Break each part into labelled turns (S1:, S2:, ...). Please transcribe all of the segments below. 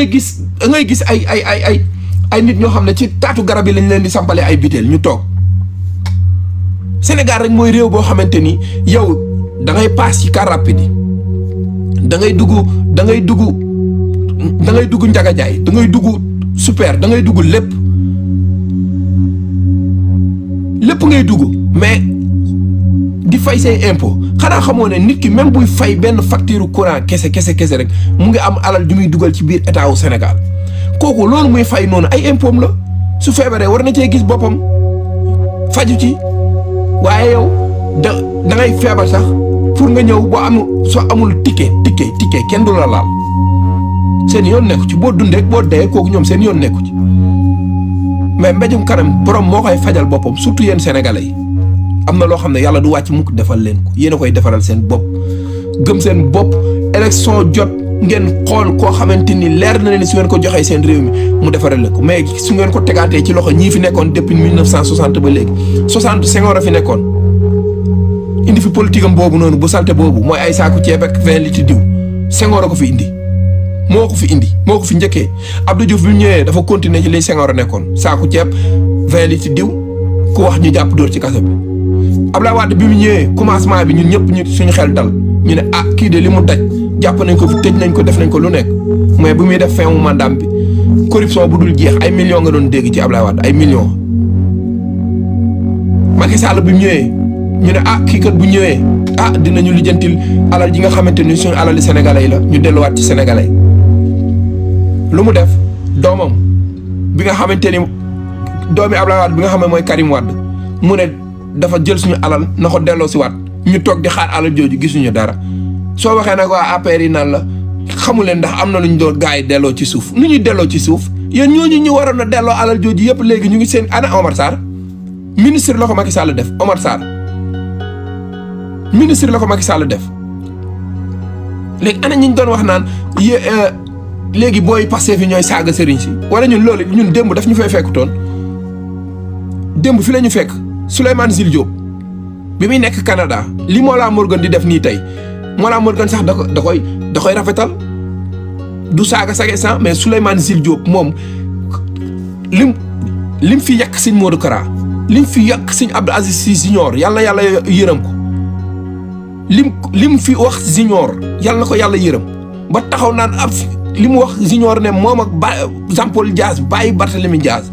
S1: ngay gis da ngay gis ay ay ay ay ay nit ñoo xam ne ci taatu garab yi lañ leen di sampale ay biteel ñu toog Sénégal rek mooy réew boo xamante ni yow dangay ngay paas ci car rapide yi da ngay dugg da dugg da ngay dugg njagajaay dangay ngay dugg dangay da ngay lépp lépp ngay dugg mais di fay say impôt xanaa xamoo ne nit ki même buy fay benn facture courant kese kese kese rek mu ngi am alal ju muy dugal ci biir état wu Sénégal kooku loolu muy fay noonu ay impôt la su feebaree war na cee gis boppam faju ci waaye yow da da feebar sax pour nga ñëw boo am soo amul ticket ticket ticket kenn du la laal seen yoon nekku ci boo dundee boo dee kooku ñoom seen yoon nekku ci mais mbéjum kanam borom moo koy fajal boppam surtout yéen sénégalais am na loo xam ne yàlla du wàcc mukk defal leen ko yéen a koy defaral seen bopp gëm seen bopp élection jot ngeen xool koo xamante ni leer na leen su ngeen ko joxee seen réew mi mu defaral leen ko mais su ngeen ko tegaatee ci loxo ñii fi nekkoon depuis 1960 ba léegi 60 Senghor a fi nekkoon indi fi politique am boobu noonu bu salte boobu mooy ay saaku ceeb ak 20 litres diw Senghor a ko fi indi moo ko fi indi moo ko fi njëkkee Abdou Diouf bi ñëwee dafa continuer ci li Senghor a nekkoon saaku ceeb 20 litres diw ku wax ñu jàpp dóor ci kaso bi Abdoulaye Wade bi mu ñëwee commencement bi ñu ñëpp ñu suñu xel dal ñu ne ah kii de li mu daj jàpp nañ ko fi tëj nañ ko def nañ ko lu nekk mais bu muy def fin wu mandaam bi corruption bu dul jeex ay million nga doon dégg ci Abdoulaye Wade ay millions. Macky Sall bi mu ñëwee ñu ne a ah, kii kat bu ñëwee ah dinañu lijjantil alal ji nga xamante ni suñu alali sénégalais la ñu delluwaat ci sénégalais lu mu def doomam bi nga xamante ni doomi Abdoulaye Wade bi nga xam ne mooy Karim Wade mu dafa jël suñu alal na ko delloo si waat ñu toog di xaar alal jooju gisuñu dara soo waxee nag waa APR yi naan la xamu leen ndax am na lu ñu doon gars yi delloo ci suuf nu ñuy delloo ci suuf yéen ñu ñu waroon a delloo alal jooju yëpp léegi ñu ngi seen ana Omar Sarr ministre la ko Macky Sall def Omar Sarr ministre la ko Macky Sall def léegi ana ñu doon wax naan yé euh, léegi booy passé fi ñooy saaga sëriñ si wala ñun loolu ñun démb daf ñu fay fekkutoon démb fi la ñu fekk. Souleymane Jules Diop bi muy nekk Canada li Mollah Morgun di def nii tey Mollah Morgun sax da da koy da koy rafetal du saaga sage san mais Souleymane Jules jóob moom li lim fi yàq sëñ Modou Kara lim fi yàq sëñ Abdou Aziz Sy Junior yàlla yàlla yërëm ko li mu fi wax Junior yàlla na ko yàlla yërëm ba taxaw naan ab li mu wax Junior ne moom ak ba Jean Paul Diaz bàyyi Barthélemy Diaz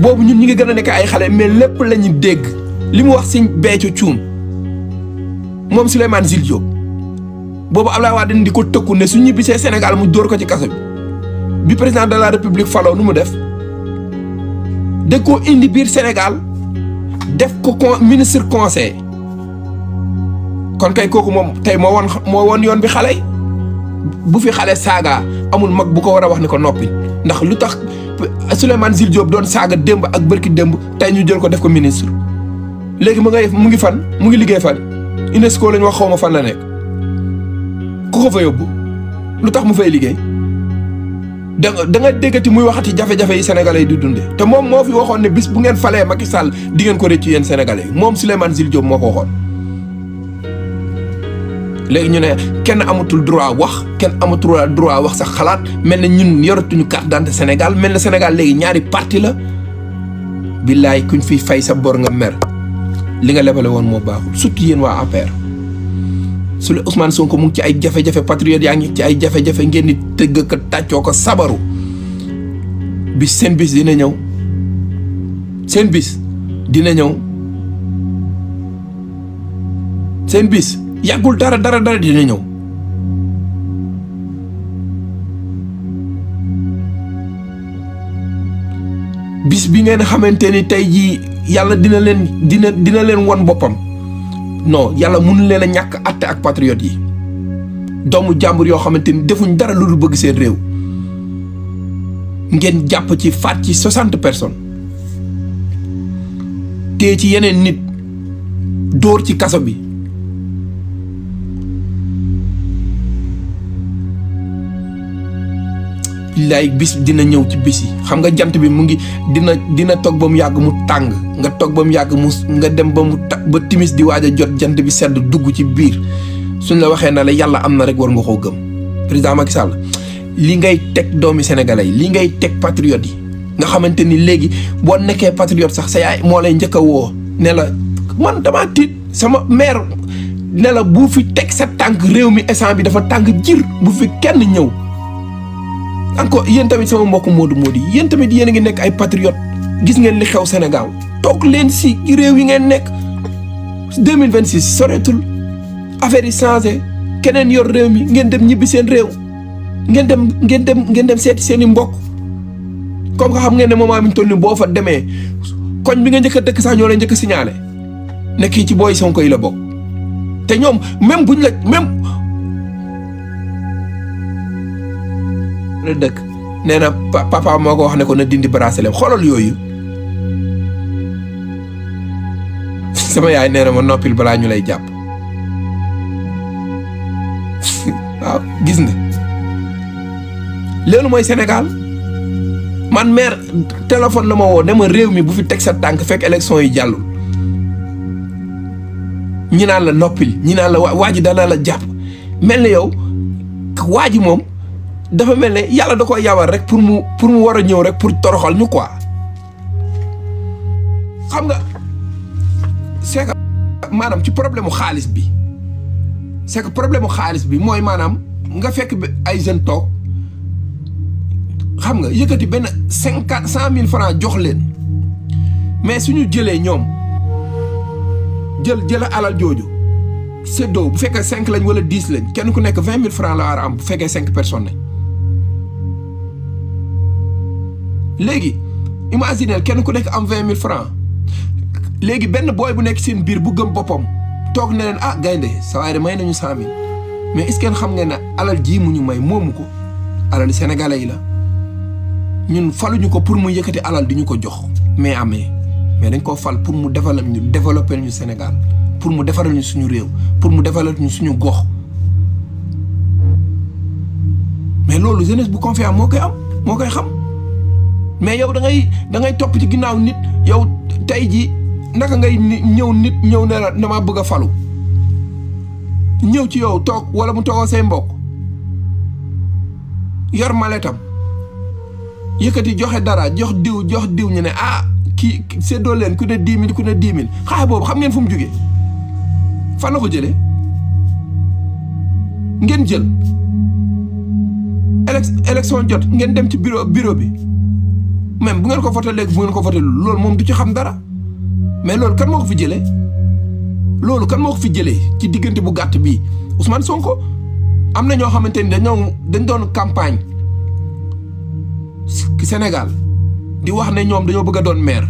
S1: boobu ñun ñu ngi gën a nekk ay xale mais lépp lañu dégg li mu wax Sëñ Béthio Thioune moom Souleymane Jules Diop boobu Abdoulaye Wade di ko tëkku ne su ñibbisee Sénégal mu dóor ko ci kaso bi bi président de la république falo nu mu def da koo indi biir Sénégal def ko con ministre conseil kon kay kooku moom tey moo woon moo won yoon bi xale bu fi xale saaga amul mag bu ko war a wax ni ko noppi. ndax lu tax Souleymane Jules Diop doon saaga démb ak bërki démb tey ñu jël ko def ko ministre léegi mu ngay mu ngi fan mu ngi liggéey fan UNESCO lañ wax xaw ma fan la nekk ku ko fa yóbbu lu tax mu fay liggéey da da nga déggati muy waxati jafe-jafe yi sénégalais yi di dunde te moom moo fi waxoon ne bis bu ngeen falee Macky Sall di ngeen ko rëccu yéen sénégalais yi moom Souleymane Jules Diop moo ko waxoon léegi ñu ne kenn amatul droit wax kenn amatul droit wax sax xalaat mel na ñun yoratuñu carte d'identité Sénégal mel na Sénégal léegi ñaari parti la billaay kuñ fiy fay sa bor nga mer li nga lebale woon moo baaxul surtout yéen waa APR su usmaan soo ko mu ci ay jafe-jafe patriote yaa ngi ci ay jafe-jafe ngeen di tëgg ko tàccoo ko sabaru bi seen bis dina ñëw seen bis dina ñëw seen bis yàggul dara dara dara dina ñëw bis bi ngeen xamante ni tey jii yàlla dina leen dina dina leen won boppam noo yàlla mënu leen a ñàkk àtte ak patriote yi doomu jàmbur yoo xamante ni defuñ dara lu dul bëgg seen réew ngeen jàpp ci faat ci soixante personnes te ci yeneen nit dóor ci kaso bi billaay bis dina ñëw ci bis xam nga jant bi mu ngi dina dina toog ba mu yàgg mu tàng nga toog ba mu yàgg mu nga dem ba mu ta ba timis di waaj jot jant bi sedd dugg ci biir suñ la waxee na la yàlla am na rek war nga koo gëm président Macky Sall li ngay teg doomi sénégalais yi li ngay teg patriotes yi nga xamante ni léegi boo nekkee patriote sax sa yaay moo lay njëkk a woo ne la man damaa tiit sama maire ne la bu fi teg sa tànk réew mi instant bi dafa tànk jir bu fi kenn ñëw encore yéen tamit sama mbokk moodu moodu yi yéen tamit yéen a ngi nekk ay patriote gis ngeen li xew Sénégal toog leen si réew yi ngeen nekk 2026 soreetul affaire yi changé keneen yor réew mi ngeen dem ñibbi seen réew ngeen dem ngeen dem ngeen dem seeti seen i mbokk comme nga xam ngeen ne moment bi ñu toll nii boo fa demee koñ bi nga jëkk a dëkk sax ñoo leen njëkk a signalé ne kii ci booy Sonko yi la bokk te ñoom même buñ la même. la dëkk nee na moo ko wax ne ko na dindi bracelet xoolal yooyu sama yaay nee ma noppil balaa ñu lay jàpp waaw gis nga loolu mooy Sénégal man maire téléphone la ma woo ne réew mi bu fi teg sa tànk fekk élection yi jàllul ñi naan la noppil ñi naan la waa ji danaa la jàpp mel na yow waa ji moom dafa mel ne yàlla da ko yawar rek pour mu pour mu war a ñëw rek pour toroxal ñu quoi xam nga c'est maanaam ci problème mu xaalis bi c'est problème mu xaalis bi mooy maanaam nga fekk ay jeunes toog xam nga yëkkati benn cinquante cent mille francs jox leen mais suñu jëlee ñoom jël jël alal jooju séddoo bu fekkee cinq lañ wala dix lañ kenn ku nekk vingt mille francs la war am bu fekkee cinq personne lañ léegi imagineel kenn ku nekk am vingt mille francs léegi benn booy bu nekk seen biir bu gëm boppam toog ne leen ah gaynde sa waay may nañu cent mille mais est xam nga ne alal jii mu ñu may moomu ko alal sénégalais yi la ñun faluñu ko pour mu yëkkati alal di ñu ko jox mais amee ah, mais dañ koo fal pour mu defal ñu développer ñu Sénégal pour mu defaral ñu suñu réew pour mu defaral ñu suñu gox mais loolu jeunesse bu confiant moo koy am moo koy xam mais yow da ngay da topp ci ginnaaw nit yow tey ji naka ngay ñëw nit ñëw ne la damaa bëgg a falu ñëw ci yow toog wala mu toogoo say mbokk yor maletam yëkkati joxe dara jox diw jox diw ñu ne ah kii séddoo leen ku ne dix mille ku ne dix mille xaalis boobu xam ngeen fu mu fan la ko jële ngeen jël élec élection jot ngeen dem ci bureau bureau bi même bu ngeen ko voté léegi bu ngeen ko voté loolu moom du ci xam dara mais loolu kan moo ko fi jëlee loolu kan moo ko fi jëlee ci diggante bu gàtt bii Ousmane Sonko am na ñoo xamante ni dañoo dañ doon campagne Sénégal di wax ne ñoom dañoo bëgg doon maire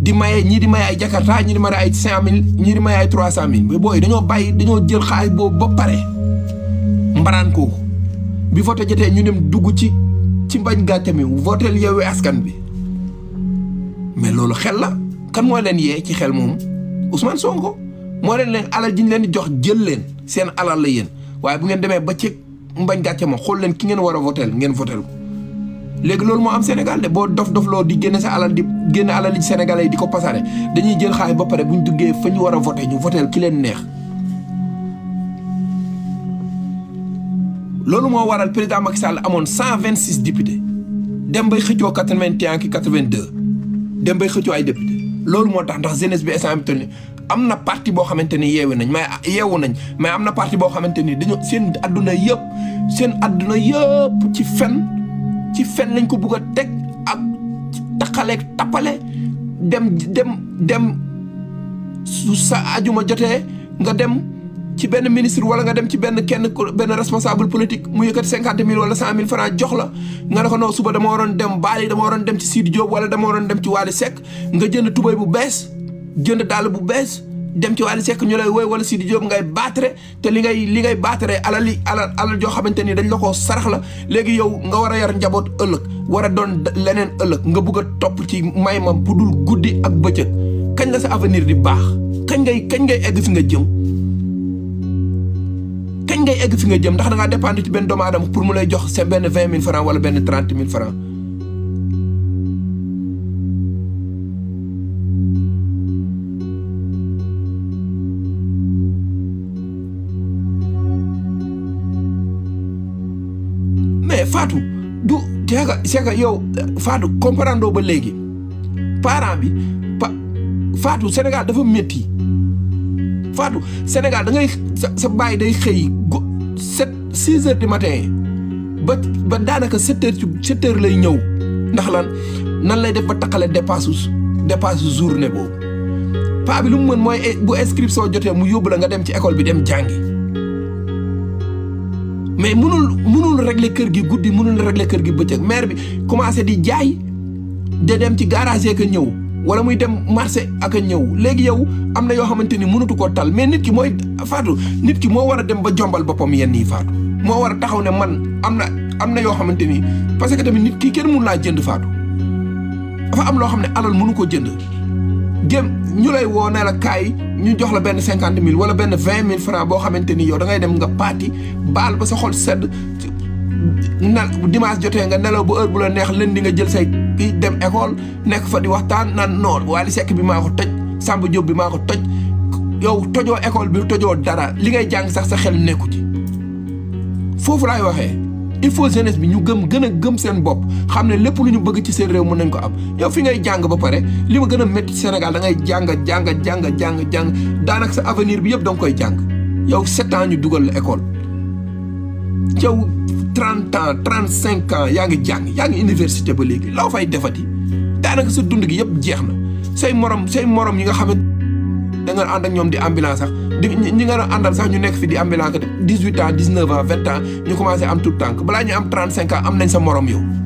S1: di maye ñii di maye ay Jakarta ñii di maye ay cinq mille ñii di maye ay trois cent mille mais booy dañoo bàyyi dañoo jël xaalis boobu ba pare mbaraan ko bi voté jotee ñu nem dugg ci ci mbañ gàcce mi votel Yewwi Askan bi mais loolu xel la kan moo leen yee ci xel moom Ousmane Sonko moo leen leen alal ji ñu leen di jox jël leen seen alal la yéen waaye bu ngeen demee ba ci mbañ gàcce ma xool leen ki ngeen war a votel ngeen votel ko léegi loolu moo am Sénégal de boo dof dof loo di génne sa alal di génne alal ji Sénégalais yi di ko pasare dañuy jël xaalis ba pare bu ñu duggee fa ñu war a voté ñu votel ki leen neex loolu moo waral président Macky Sall amoon cent vingt six députés dem bay xëccoo quatre vingt et un ki quatre vingt deux dem bay xëccoo ay député loolu moo tax ndax jeunesse bi instant bi am na parti boo xamante ni yeewu nañ mais yeewu nañ mais am na parti boo xamante ni dañu seen adduna yëpp seen adduna yëpp ci fen ci fen lañ ko bugg a teg ak taqaleeg tappale dem dem dem su sa ajuma jotee nga dem ci benn ministre wala nga dem ci benn kenn benn responsable politique mu yëkkat cinquante mille wala cent mille jox la nga ne suba dama waroon dem Bali dama waroon dem ci Sidi Diop wala dama waroon dem ci Wally Seck nga jënd tubay bu bees jënd dàll bu bees dem ci Wally Seck ñu lay woy wala Sidi Diop ngay baatare te li ngay li ngay baatare alal li alal alal joo xamante ni dañ la koo sarax la léegi yow nga war a yar njaboot ëllëg war a doon leneen ëllëg nga bugg a topp ci may ma bu dul guddi ak bëccëg kañ la sa avenir di baax kañ ngay kañ ngay egg fi nga jëm kañ ngay egg fi nga jëm ndax da ngaa dépendre ci benn doomu aadama pour mu lay jox seen benn vingt mille franc wala benn trente mille franc. mais Fatou du c'est yow Fatou comprendre ba léegi parent bi pa Fatou Sénégal dafa métti. Fatou Sénégal da ngay sa sa bàyyi day xëy go sept six heures du matin ba ba daanaka sept heures ci sept lay ñëw ndax lan nan lay def ba taxale dépasse dépasse ne boobu paa bi lu mu mën mooy eh, bu inscription jotee mu yóbbu la nga dem ci école bi dem jàngi mais mënul mënul régler kër gi guddi mënul régler kër gi bëccëg maire bi commencé di jaay de dem ci garage que ñëw wala muy dem marché ak a ñëw léegi yow am na yoo xamante ni mënatu koo tal mais nit ki mooy faatu nit ki moo war a dem ba jombal boppam yenn yi faatu moo war a taxaw ne man am na am na yoo xamante ni parce que tamit nit kii kenn mënu laa jënd faatu dafa am loo xam ne alal mënu ko jënd gém ñu lay woo ne la kaay ñu jox la benn cinquante mille wala benn vingt mille franc boo xamante ni yow da dem nga paati baal ba sa xol sedd bu dimanche jotee nga nelaw ba heure bu la neex lundi nga jël say kii dem école nekk fa di waxtaan naan noon Wally Seck bi maa ko toj Samba Diop bi maa ko toj yow tojoo école bi tojoo dara li ngay jàng sax sa xel nekku ci foofu laay waxee il faut jeunesse bi ñu gëm gën a gëm seen bopp xam ne lépp lu ñu bëgg ci seen réew mën nañ ko am yow fi ngay jàng ba pare li ma gën a métti Sénégal da ngay jàng jàng jàng jàng jàng daanaka sa avenir bi yëpp da nga koy jàng yow sept ans ñu dugal la école yow trente ans trente cinq yaa ngi jàng yaa ngi université ba léegi law fay defati daanaka sa dund gi yëpp jeex na say morom say morom yi nga xam ne da nga ànd ak ñoom di ambulance sax di ñi nga àndal sax ñu nekk fi di ambulance dix huit ans dix neuf ans vingt ans ñu commencé am tout tànk balaa ñu am trente cinq ans am nañ sa morom yow.